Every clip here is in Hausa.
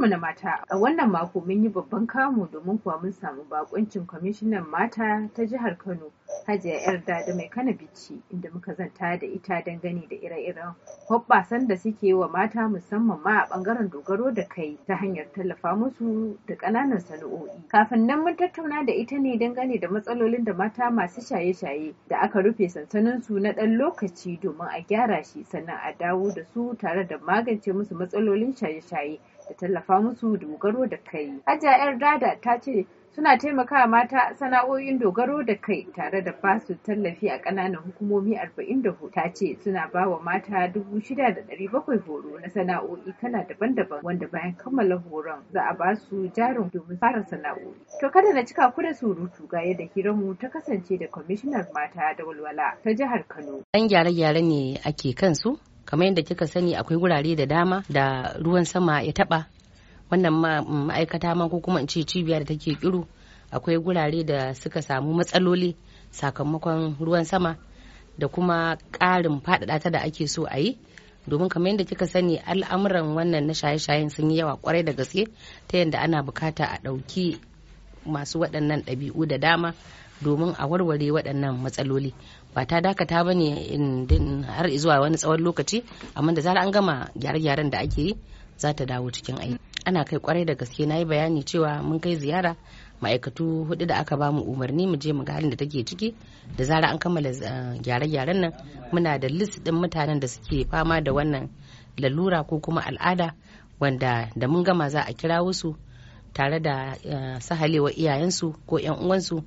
mu mata a wannan mako mun yi babban kamu domin kuwa mun samu bakuncin kwamishinan mata ta jihar Kano Hajiya Yarda da mai kana Bici inda muka zanta da ita dangane da ire-iren hoɓɓasan da suke wa mata musamman ma a bangaren dogaro da kai ta hanyar tallafa musu da ƙananan sana'o'i. Kafin nan mun tattauna da ita ne dangane da matsalolin da mata masu shaye-shaye da aka rufe sansanin su na ɗan lokaci domin a gyara shi sannan a dawo da su tare da magance musu matsalolin shaye-shaye da tallafa musu dogaro da kai. Hajiya 'yar dada ta ce suna taimakawa mata sana'o'in dogaro da kai tare da ba su tallafi a ƙananan hukumomi 44 ta ce suna ba wa mata 6,700 horo na sana'o'i kala daban-daban wanda bayan kammala horon za a ba su jarin domin fara sana'o'i. To kada na cika ku da surutu ga yadda mu ta kasance da kwamishinar mata da walwala ta jihar Kano. Ɗan gyare-gyare ne ake kansu kamar yadda kika sani akwai wurare da dama da ruwan sama ya taba wannan mm, ma'aikata ma ko kuma in ce cibiya da take kiru akwai wurare da suka samu matsaloli sakamakon ruwan sama da kuma ƙarin faɗaɗa ta da ake so a yi domin kamar yadda kika sani al'amuran wannan na shaye-shayen sun yi yawa kwarai da gaske ta yadda ana bukata a ɗauki masu waɗannan ɗabi'u da dama domin a warware waɗannan matsaloli ba ta dakata ba ne har zuwa wani tsawon lokaci amma da zara an gama gyare-gyaren da ake yi za ta dawo cikin aiki ana kai kwarai da gaske na yi bayani cewa mun kai ziyara ma'aikatu hudu da aka bamu umarni mu je mu ga halin da take ciki da zara an kammala eh, gyare-gyaren nan muna da list din mutanen da suke fama da wannan lalura ko kuma al'ada wanda da mun gama za a kira wasu tare da eh, sahalewa iyayensu ko 'yan uwansu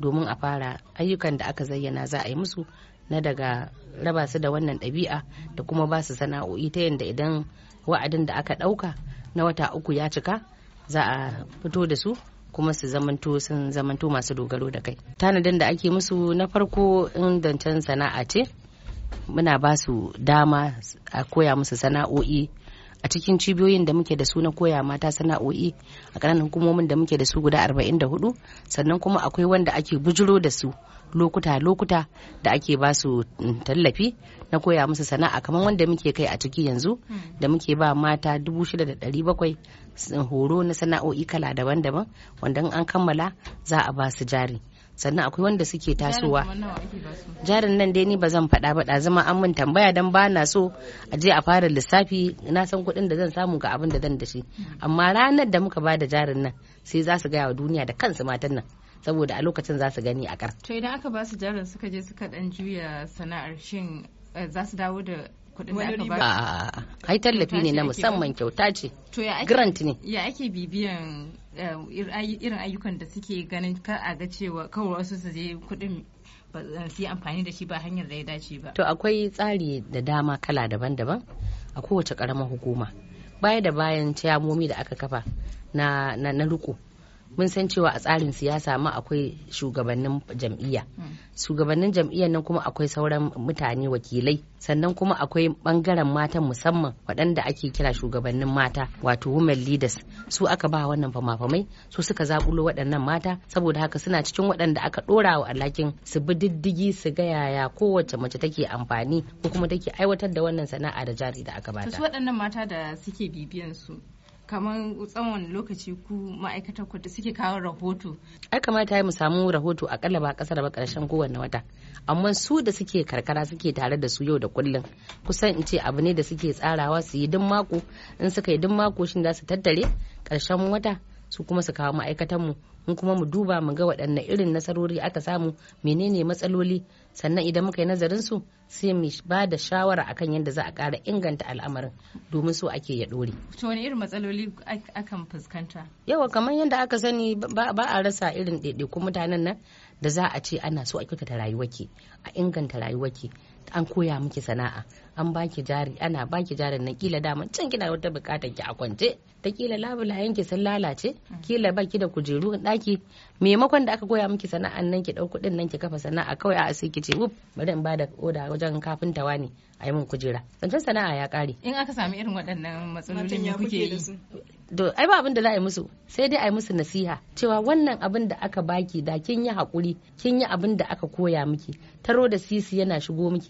domin a fara ayyukan da aka zayyana za a yi musu na daga raba su da wannan ɗabi'a da kuma ba su sana'o'i ta yadda idan wa'adin da aka ɗauka na wata uku ya cika za a fito da su kuma su zamanto sun zamanto masu dogaro da kai tanadin da ake musu na farko in sana'a ce muna ba su dama a koya musu sana'o'i a cikin cibiyoyin da muke da su na koya mata sana'o'i a ƙananan hukumomin da muke da su guda 44 sannan kuma akwai wanda ake bujiro da su lokuta-lokuta da ake ba su mm, tallafi na koya musu sana'a kamar wanda muke kai a ciki yanzu da muke ba mata 6,700 mm, horo na sana'o'i kala daban-daban wanda an kammala za a ba su jari sannan akwai wanda suke tasowa jarin nan dai ni ba zan faɗa ba zama an mun tambaya dan ba na so a je a fara lissafi na san kuɗin da zan samu ga abin da zan da shi amma ranar da muka ba da jarin nan sai za su gaya wa duniya da kansu matan nan saboda a lokacin za su gani a kar to idan aka ba su jarin suka je suka dan juya sana'ar shin eh, za su dawo da kuɗin da aka ba ai tallafi ne na musamman kyauta ce grant ne ya ake bibiyan eh, irin ayyukan da suke ganin kar a ga cewa kawai wasu su je kuɗin ba eh, su yi amfani da shi ba hanyar da ya dace ba to akwai tsari da dama kala daban-daban a kowace karamar hukuma baya da bayan ciyamomi da aka kafa na na, na, na riko mun san cewa a tsarin siyasa ma akwai shugabannin jam'iyya shugabannin jam'iyyar nan kuma akwai sauran mutane wakilai sannan kuma akwai bangaren matan musamman waɗanda ake kira shugabannin mata wato women leaders su aka ba wannan fama-famai su suka zaƙulo waɗannan mata saboda haka suna cikin waɗanda aka ɗora wa alhakin su bi diddigi su ga yaya kowace mace take amfani ko kuma take aiwatar da wannan sana'a da jari da aka ba ta. su waɗannan mata da suke bibiyan su kamar tsawon lokaci ku ma'aikatar ku da suke kawo rahoto ai kamata ya mu samu rahoto akalla ba kasar ba karshen kowanne wata amma su da suke karkara suke tare da su yau da kullum kusan in ce abu ne da suke tsarawa su yi duk mako in suka yi duk mako shin za su tattare karshen wata su kuma su kawo ma'aikatan mu in kuma mu duba mu ga waɗanne irin nasarori aka samu menene matsaloli sannan idan muka yi nazarin su sai mu ba da shawara akan yadda za a ƙara inganta al'amarin domin so ake ya ɗore. to wani irin matsaloli akan fuskanta yawa kamar yadda aka sani ba a rasa irin ɗaiɗaikun mutanen nan da za a ce ana so a kyautata ke a inganta ke an koya miki sana'a an baki jari ana baki jarin nan kila daman can kina wata bukatar ki a kwance ta kila labulayen ki sun lalace kila baki da kujeru daki maimakon da aka koya miki sana'an nan ki dau kudin nan ki kafa sana'a kawai a sai ki ce wuf bari in bada oda wajen kafinta wani a yi min kujera zancen sana'a ya kare in aka sami irin waɗannan matsalolin me kuke yi to ai ba abin da za a yi musu sai dai a yi musu nasiha cewa wannan abin da aka baki da kin yi hakuri kin yi abin da aka koya miki taro da sisi yana shigo miki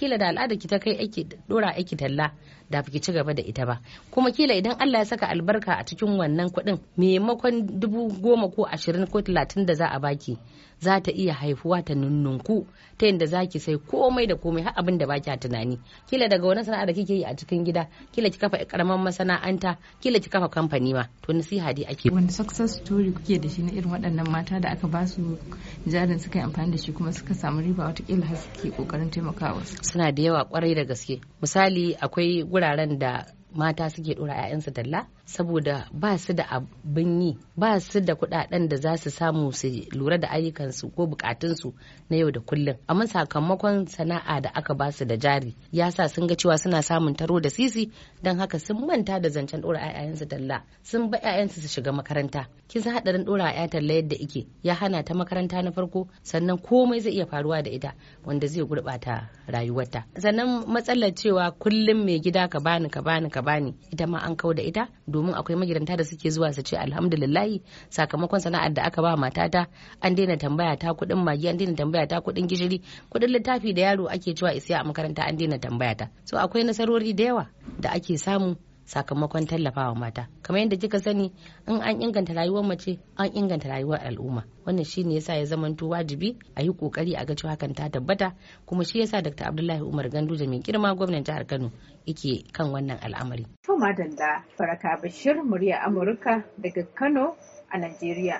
kila da al'ada ki ta kai aiki dora aiki talla da ki ci gaba da ita ba kuma kila idan Allah ya saka albarka a cikin wannan kuɗin maimakon dubu goma ko ashirin ko talatin da za a baki za ta iya haifuwa ta nunnunku ta yadda za ki sai komai da komai har abin da ba a tunani kila daga wani sana'a da kike yi a cikin gida kila ki kafa karaman masana'anta kila ki kafa kamfani ma to siha dai ake wani success story kuke da shi na irin waɗannan mata da aka ba su jarin suka yi amfani da shi kuma suka samu riba wata kila har suke kokarin taimakawa suna da yawa kwarai da gaske misali akwai wuraren da mata suke dora 'ya'yansu talla saboda ba su da abin yi ba su da kudaden da za su samu su lura da ayyukansu ko bukatunsu na yau da kullum amma sakamakon sana'a da aka ba su da jari ya sa sun ga cewa suna samun taro da sisi don haka sun manta da zancen dora 'ya'yansu talla sun ba 'ya'yansu su shiga makaranta kin san hadarin dora 'ya'ya talla yadda ike ya hana ta makaranta na farko sannan komai zai iya faruwa da ita wanda zai gurbata rayuwarta sannan matsalar cewa kullum mai gida ka bani ka bani ka bani ita ma an kau da ita domin akwai magidanta da suke zuwa su ce alhamdulillahi sakamakon sana'ar da aka ba matata an daina tambaya ta kuɗin magi an daina tambaya ta kuɗin gishiri kuɗin littafi da yaro ake cewa isiya a makaranta an daina tambaya ta so akwai nasarori da yawa da ake samu sakamakon tallafawa mata kamar yadda kika sani in an inganta rayuwar mace an inganta rayuwar al'umma wannan shine yasa ya to wajibi a yi kokari a ga cewa hakan ta tabbata kuma shi yasa Dr. Abdullahi Umar Ganduje mai girma gwamnan jihar Kano yake kan wannan al'amari to madalla faraka Bashir murya Amurka daga Kano a Najeriya